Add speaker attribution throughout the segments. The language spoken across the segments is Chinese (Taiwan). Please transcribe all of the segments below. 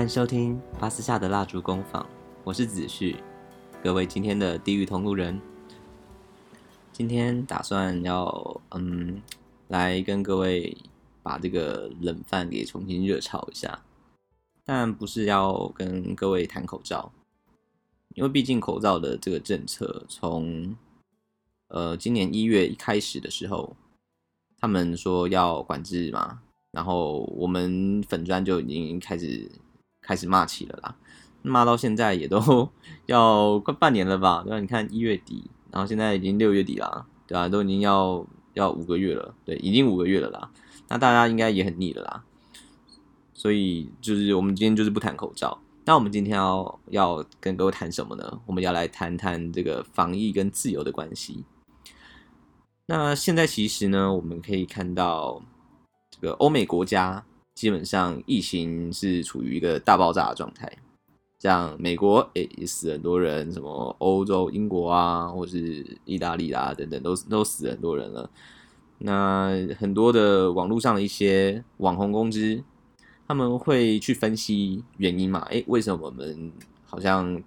Speaker 1: 歡迎收聽巴斯夏的蠟燭工坊，我是子旭。各位今天的地獄，同路人，今天打算要嗯來跟各位把這個冷飯給重新熱炒一下，但不是要跟各位談口罩，因為畢竟口罩的這個政策從呃今年一月一開始的時候，他們說要管制嘛，然後我們粉專就已經開始。開始罵起了啦，罵到現在也都要快半年了吧？對啊，你看一月底，然後現在已經六月底了，對吧，啊？都已經要要五個月了，對，已經五個月了啦。那大家應該也很膩了啦。所以就是我們今天就是不談口罩，那我們今天要要跟各位談什麼呢？我們要來談談這個防疫跟自由的關係。那現在其實呢，我們可以看到這個歐美國家。基本上疫情是處於一個大爆炸的狀態，像美國誒、欸、也死很多人，什麼歐洲、英國啊，或是意大利啊等等，都都死很多人了。那很多的網絡上的一些網紅公知，他們會去分析原因嘛，誒、欸，為什麼我們好像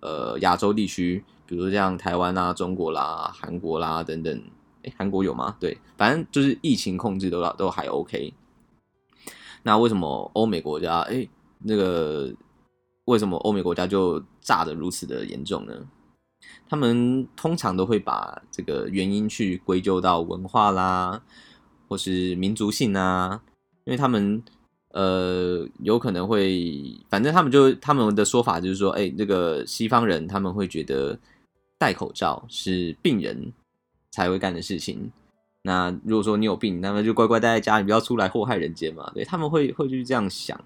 Speaker 1: 呃亞洲地區，比如說像台灣啊、中國啦、韓國啦等等，誒、欸，韓國有嗎？對，反正就是疫情控制都都還 OK。那為什麼歐美國家哎、欸，那個為什麼歐美國家就炸得如此的嚴重呢？他們通常都會把這個原因去歸咎到文化啦，或是民族性啊，因為他們呃有可能會，反正他們就他們的說法就是說，哎、欸，這個西方人他們會覺得戴口罩是病人才會幹的事情。那如果說你有病，那麼就乖乖待在家裡，不要出來禍害人間嘛。對，他們會會去這樣想，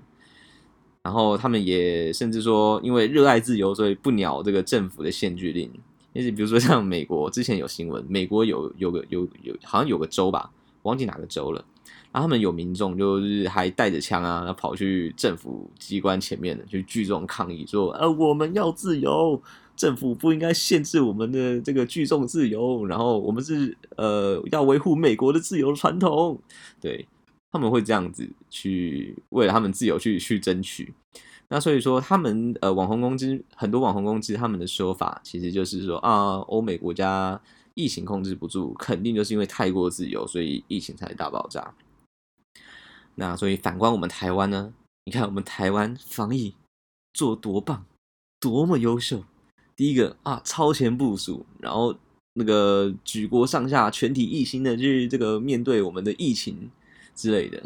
Speaker 1: 然後他們也甚至說，因為熱愛自由，所以不鳥這個政府的限聚令。也許比如說像美國之前有新聞，美國有有個有有好像有個州吧，忘記哪個州了，然後他們有民眾就是還帶着槍啊，跑去政府機關前面的去聚眾抗議，說，呃、啊、我們要自由。政府不應該限制我們的這個聚眾自由，然後我們是呃要維護美國的自由傳統。對，他們會這樣子去，為了他們自由去去爭取。那所以說，他們呃網紅攻擊，很多網紅攻擊他們的說法，其實就是說啊，歐美國家疫情控制不住，肯定就是因為太過自由，所以疫情才大爆炸。那所以反觀我們台灣呢？你看我們台灣防疫做多棒，多麼優秀！第一個啊，超前部署，然後那個舉國上下全體一心的去這個面對我們的疫情之類的。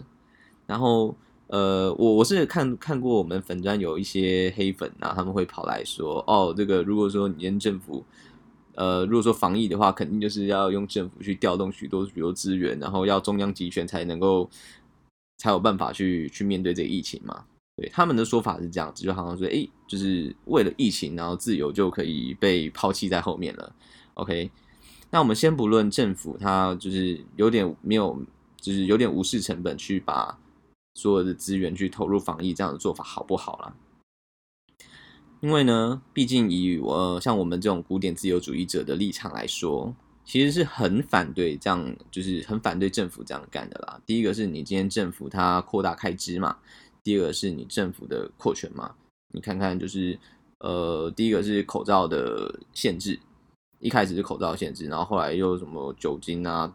Speaker 1: 然後呃，我我是看看過我們粉專有一些黑粉啊，他們會跑來說哦，這個如果說你跟政府，呃，如果說防疫的話，肯定就是要用政府去調動許多許多資源，然後要中央集權才能夠才有辦法去去面對這個疫情嘛。對他們的說法是這樣子，就好像說，哎，就是為了疫情，然後自由就可以被拋棄在後面了。OK，那我們先不論政府它就是有點沒有，就是有點無視成本去把所有的資源去投入防疫這樣的做法好不好啦？因為呢，畢竟以我像我們這種古典自由主義者的立場來說，其實是很反對這樣，就是很反對政府這樣幹的啦。第一個是你今天政府它擴大開支嘛。第二個是你政府的擴權嘛。你看看，就是呃，第一個是口罩的限制，一開始是口罩限制，然後後來又什麼酒精啊、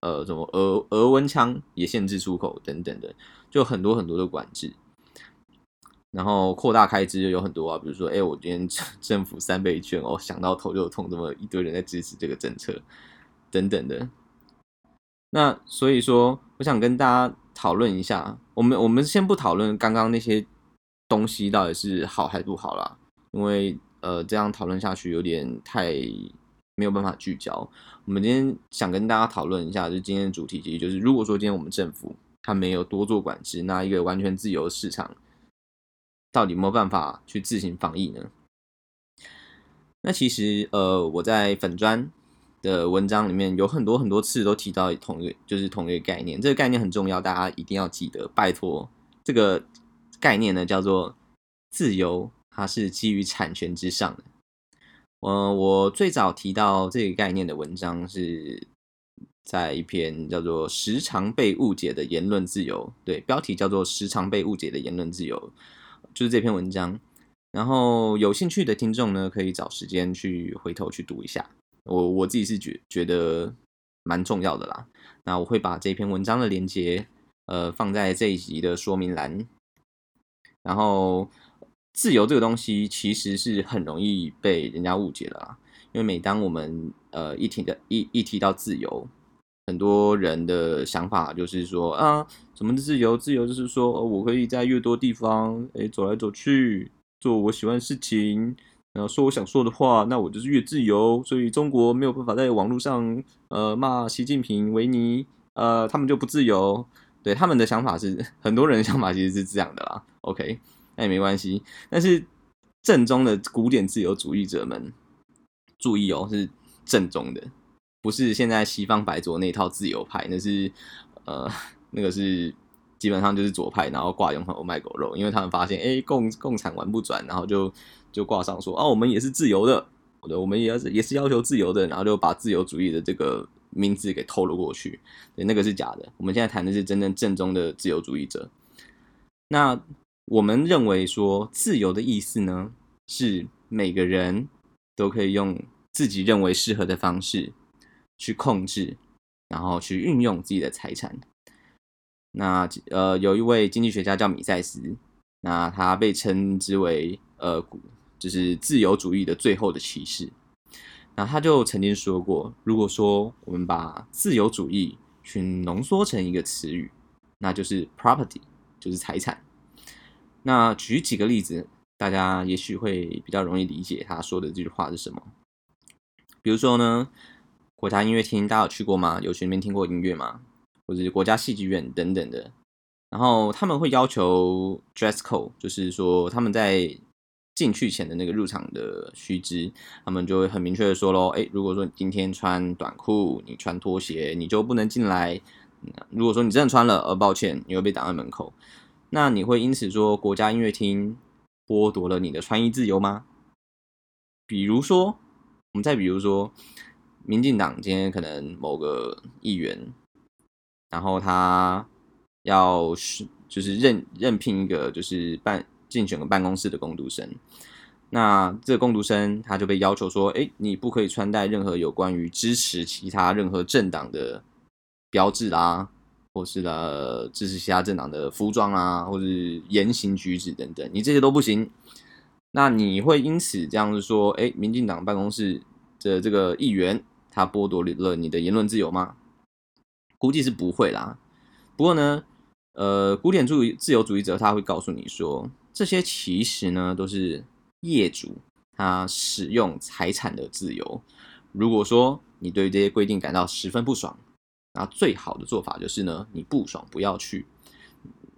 Speaker 1: 呃什麼額額溫槍也限制出口等等的，就很多很多的管制。然後擴大開支有很多啊，比如說，哎、欸，我今天政政府三倍券哦，想到頭就痛，這麼一堆人在支持這個政策，等等的。那所以說，我想跟大家。討論一下，我們我們先不討論剛剛那些東西到底是好還是不好啦，因為呃，這樣討論下去有點太沒有辦法聚焦。我們今天想跟大家討論一下，就今天的主題其實就是，如果說今天我們政府它沒有多做管制，那一個完全自由市場到底有沒有辦法去自行防疫呢？那其實呃，我在粉磚。的文章裡面有很多很多次都提到同一個，就是同一個概念。這個概念很重要，大家一定要記得。拜託，這個概念呢叫做自由，它是基於產權之上的。嗯，我最早提到這個概念的文章是在一篇叫做《時常被誤解的言論自由》。對，標題叫做《時常被誤解的言論自由》，就是這篇文章。然後有興趣的聽眾呢，可以找時間去回頭去讀一下。我我自己是覺得覺得蠻重要的啦，那我會把這篇文章的連結，呃，放在這一集的說明欄。然後，自由這個東西其實是很容易被人家誤解的啦，因為每當我們呃一提的一一提到自由，很多人的想法就是說啊，什麼是自由？自由就是說、哦、我可以在越多地方誒、欸、走來走去，做我喜歡的事情。然後說我想說的話，那我就是越自由。所以中國沒有辦法在網絡上呃罵習近平、維尼，呃，他們就不自由。對，他們的想法是，很多人的想法其實是這樣的啦。OK，那、哎、也沒關係。但是正宗的古典自由主義者們，注意哦，是正宗的，不是現在西方白左那一套自由派，那是呃，那個是基本上就是左派，然後掛羊頭賣狗肉，oh、God, roll, 因為他們發現哎共共產玩不轉，然後就。就掛上說啊，哦，我們也是自由的，我的，我們也是也是要求自由的，然後就把自由主義的這個名字給偷了過去，對，那個是假的。我們現在談的是真正正宗的自由主義者。那我們認為說，自由的意思呢，是每個人都可以用自己認為適合的方式去控制，然後去運用自己的財產。那呃，有一位經濟學家叫米塞斯，那他被稱之為呃古。就是自由主義的最後的騎士。那他就曾經說過，如果說我們把自由主義去濃縮成一個詞語，那就是 property，就是財產。那舉幾個例子，大家也許會比較容易理解他說的這句話是什麼。比如說呢，國家音樂廳大家有去過嗎？有去裡面聽過音樂嗎？或者是國家戲劇院等等的。然後他們會要求 dress code，就是說他們在進去前的那個入場的須知，他們就會很明確的說嘍，誒、欸，如果說你今天穿短褲，你穿拖鞋，你就不能進來。如果說你真的穿了，而抱歉，你會被擋在門口。那你會因此說國家音樂廳剝奪了你的穿衣自由嗎？比如說，我們再比如說，民進黨今天可能某個議員，然後他要是就是任任聘一個就是辦。進選個辦公室的公讀生，那這個公讀生他就被要求說、欸：“你不可以穿戴任何有關於支持其他任何政黨的標誌啦，或是支持其他政黨的服裝啊，或是言行舉止等等，你這些都不行。”那你會因此這樣子說：“欸、民進黨辦公室的這個議員，他剝奪了你的言論自由嗎？”估計是不會啦。不過呢，呃，古典主義自由主義者他會告訴你說。這些其實呢，都是業主他使用財產的自由。如果說你對於這些規定感到十分不爽，那最好的做法就是呢，你不爽不要去。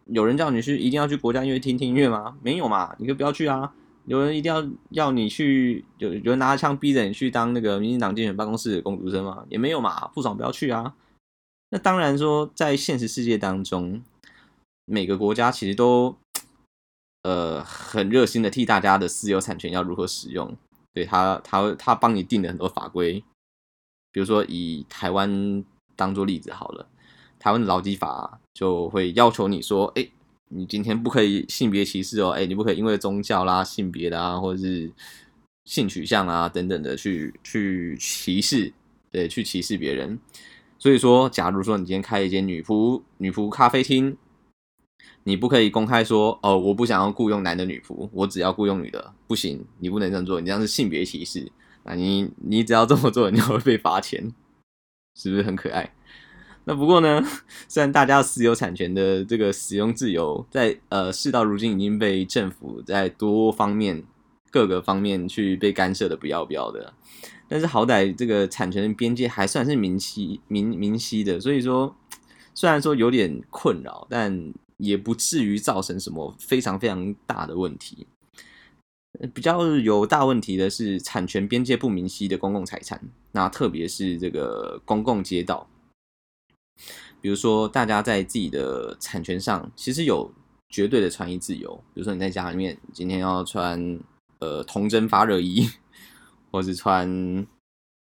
Speaker 1: 有人叫你去，一定要去國家音樂廳聽、聽音樂嗎？沒有嘛，你就不要去啊。有人一定要要你去，有有人拿着槍逼着你去當那個民進黨競選辦公室的工讀生嗎？也沒有嘛，不爽不要去啊。那當然說，在現實世界當中，每個國家其實都。呃，很熱心的替大家的私有產權要如何使用，對，他，他他幫你定了很多法規，比如說以台灣當做例子好了，台灣的勞基法就會要求你說，哎、欸，你今天不可以性別歧視哦，哎、欸，你不可以因為宗教啦、性別的啊，或者是性取向啊等等的去去歧視，對，去歧視別人。所以說，假如說你今天開一間女僕女僕咖啡廳。你不可以公開說哦，我不想要僱傭男的女僕，我只要僱傭女的，不行，你不能這樣做，你這樣是性別歧視。啊！你你只要這麼做，你就會被罰錢，是不是很可愛？那不過呢，雖然大家私有產權的這個使用自由，在呃事到如今已經被政府在多方面、各個方面去被干涉的不要不要的，但是好歹這個產權的邊界還算是明晰、明明晰的，所以說雖然說有點困擾，但。也不至於造成什麼非常非常大的問題。比較有大問題的是產權邊界不明晰的公共財產，那特別是這個公共街道。比如說，大家在自己的產權上其實有絕對的穿衣自由。比如說，你在家裡面今天要穿呃童真發熱衣，或是穿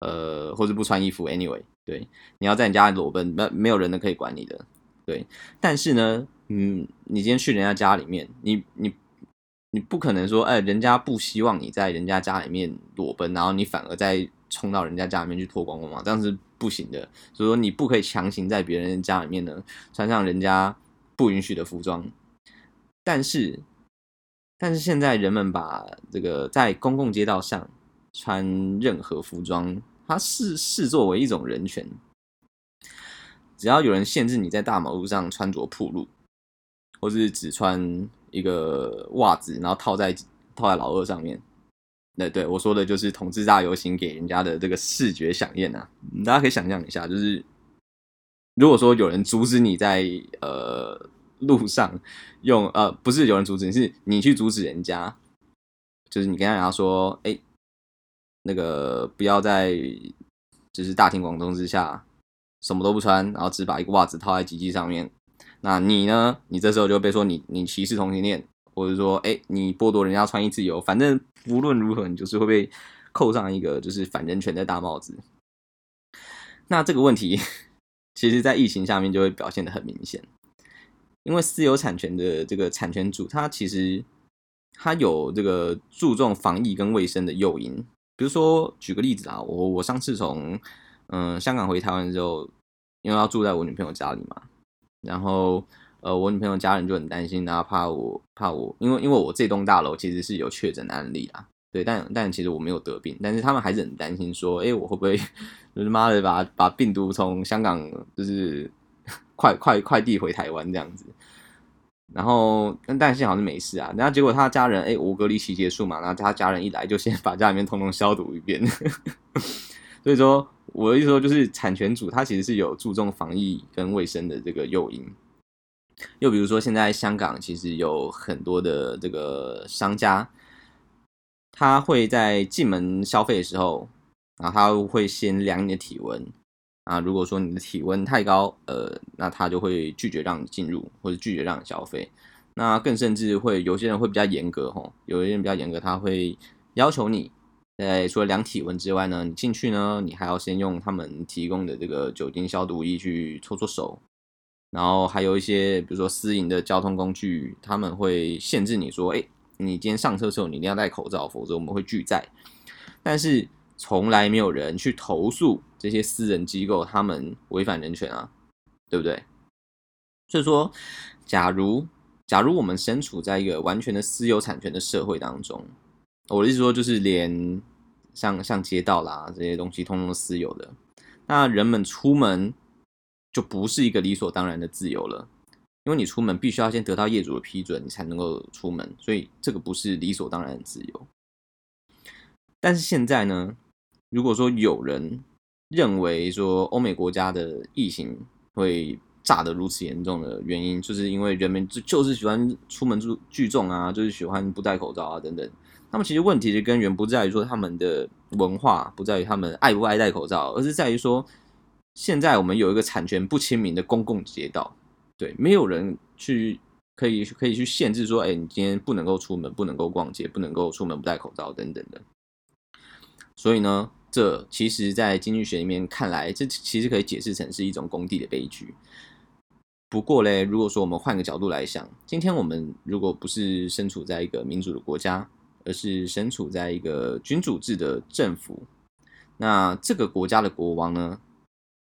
Speaker 1: 呃或是不穿衣服，anyway，對，你要在你家裸奔，沒沒有人能可以管你的。對，但是呢。嗯，你今天去人家家裡面，你你你不可能說，哎、欸，人家不希望你在人家家裡面裸奔，然後你反而再衝到人家家裡面去脫光光嘛？這樣是不行的。所以說，你不可以強行在別人家裡面呢穿上人家不允許的服裝。但是，但是現在人們把這個在公共街道上穿任何服裝，它是視作為一種人權。只要有人限制你在大馬路上穿着暴露，或是只穿一個襪子，然後套在套在老二上面。對對，我說的就是同志大遊行給人家的這個視覺饗宴啊！大家可以想象一下，就是如果說有人阻止你在呃路上用呃，不是有人阻止你，是你去阻止人家，就是你跟他人家說，哎、欸，那個不要在，就是大庭廣眾之下什麼都不穿，然後只把一個襪子套在機器上面。那你呢？你這時候就被說你你歧視同性戀，或者說誒、欸、你剝奪人家穿衣自由，反正無論如何，你就是會被扣上一個就是反人權的大帽子。那這個問題，其實在疫情下面就會表現得很明顯，因為私有產權的這個產權主，他其實他有這個注重防疫跟衛生的誘因。比如說，舉個例子啊，我我上次從嗯香港回台灣之後，因為要住在我女朋友家裡嘛。然後，呃，我女朋友家人就很擔心、啊，然後怕我怕我，因為因為我這棟大樓其實是有確診的案例啦，對，但但其實我沒有得病，但是他們還是很擔心，說，哎，我會不會，就是媽的把把病毒從香港就是快快快，快遞回台灣這樣子？然後但但幸好是沒事啊，然後結果他家人，哎，我隔離期結束嘛，然後他家人一來就先把家裡面通通消毒一遍， 所以說。我的意思說，就是產權組他其實是有注重防疫跟衛生的這個誘因。又比如說，現在香港其實有很多的這個商家，他會在進門消費的時候，然後他會先量你的體溫。啊，如果說你的體溫太高，呃，那他就會拒絕讓你進入，或者拒絕讓你消費。那更甚至會有些人會比較嚴格，吼、哦，有些人比較嚴格，他會要求你。在除了量體溫之外呢，你進去呢，你還要先用他們提供的這個酒精消毒液去搓搓手，然後還有一些比如說私營的交通工具，他們會限制你說，哎、欸，你今天上車的時候你一定要戴口罩，否則我們會拒載。但是從來沒有人去投訴這些私人機構他們違反人權啊，對不對？所以說，假如假如我們身處在一個完全的私有產權的社會當中，我的意思說就是連。像像街道啦這些東西，通通私有的，那人們出門就不是一個理所當然的自由了，因為你出門必須要先得到業主的批准，你才能夠出門，所以這個不是理所當然的自由。但是現在呢，如果說有人認為說歐美國家的疫情會炸得如此嚴重的原因，就是因為人們就就是喜歡出門聚聚眾啊，就是喜歡不戴口罩啊等等。那麼，其實問題的根源不在於說他們的文化，不在於他們愛不愛戴口罩，而是在於說，現在我們有一個產權不清明的公共街道，對，沒有人去可以可以去限制說，哎，你今天不能夠出門，不能夠逛街，不能夠出門不戴口罩等等的。所以呢，這其實，在經濟學裡面看來，這其實可以解釋成是一種公地的悲劇。不過嘞，如果說我們換個角度來想，今天我們如果不是身處在一個民主的國家，而是身處在一個君主制的政府，那這個國家的國王呢，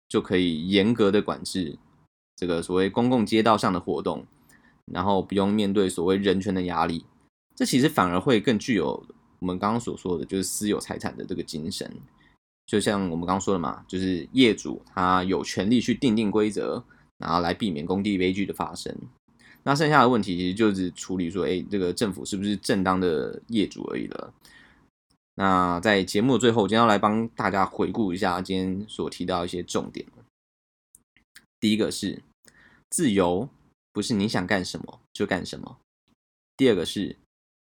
Speaker 1: 就可以嚴格的管制這個所謂公共街道上的活動，然後不用面對所謂人權的壓力，這其實反而會更具有我們剛剛所說的就是私有財產的這個精神。就像我們剛剛說的嘛，就是業主他有權利去定定規則，然後來避免公地悲劇的發生。那剩下的問題其實就是處理說，哎，這個政府是不是正當的業主而已了。那在節目的最後，我今天要來幫大家回顧一下今天所提到一些重點。第一個是，自由不是你想幹什麼就幹什麼。第二個是，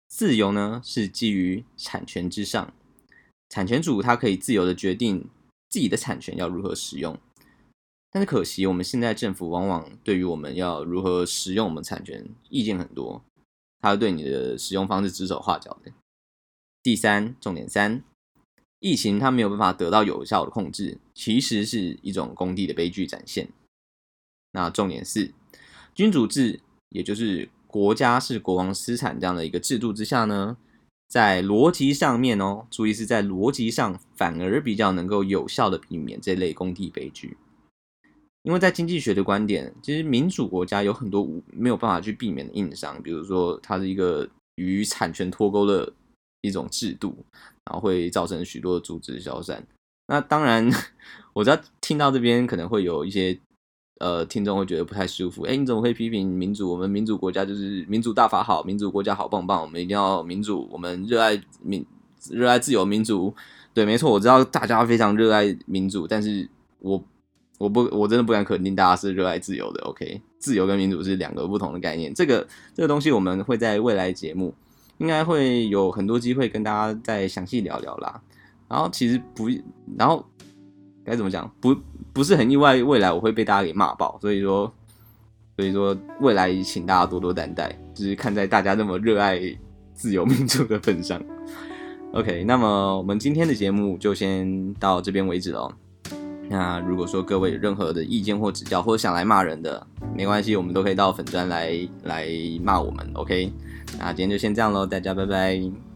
Speaker 1: 自由呢是基於產權之上，產權主他可以自由的決定自己的產權要如何使用。但是可惜，我們現在政府往往對於我們要如何使用我們產權意見很多，它會對你的使用方式指手畫腳的。第三，重點三，疫情它沒有辦法得到有效的控制，其實是一種公地的悲劇展現。那重點四，君主制，也就是國家是國王私產這樣的一個制度之下呢，在邏輯上面哦，注意是在邏輯上，反而比較能夠有效的避免這類公地悲劇。因為在經濟學的觀點，其實民主國家有很多無沒有辦法去避免的硬傷，比如說它是一個與產權脫鈎的一種制度，然後會造成許多租值消散。那當然，我知道聽到這邊可能會有一些呃聽眾會覺得不太舒服。哎，你怎麼會批評民主？我們民主國家就是民主大法好，民主國家好棒棒，我們一定要民主，我們熱愛民、熱愛自由民主。對，沒錯，我知道大家非常熱愛民主，但是我。我不，我真的不敢肯定大家是熱愛自由的。OK，自由跟民主是兩個不同的概念。這個這個東西，我們會在未來節目應該會有很多機會跟大家再詳細聊聊啦。然後其實不，然後該怎麼講？不，不是很意外，未來我會被大家給罵爆。所以說，所以說未來請大家多多擔待，就是看在大家那麼熱愛自由民主的份上。OK，那麼我們今天的節目就先到這邊為止嘍。那如果說各位有任何的意見或指教，或者想來罵人的，沒關係，我們都可以到粉專來來罵我們，OK？那今天就先這樣嘍，大家拜拜。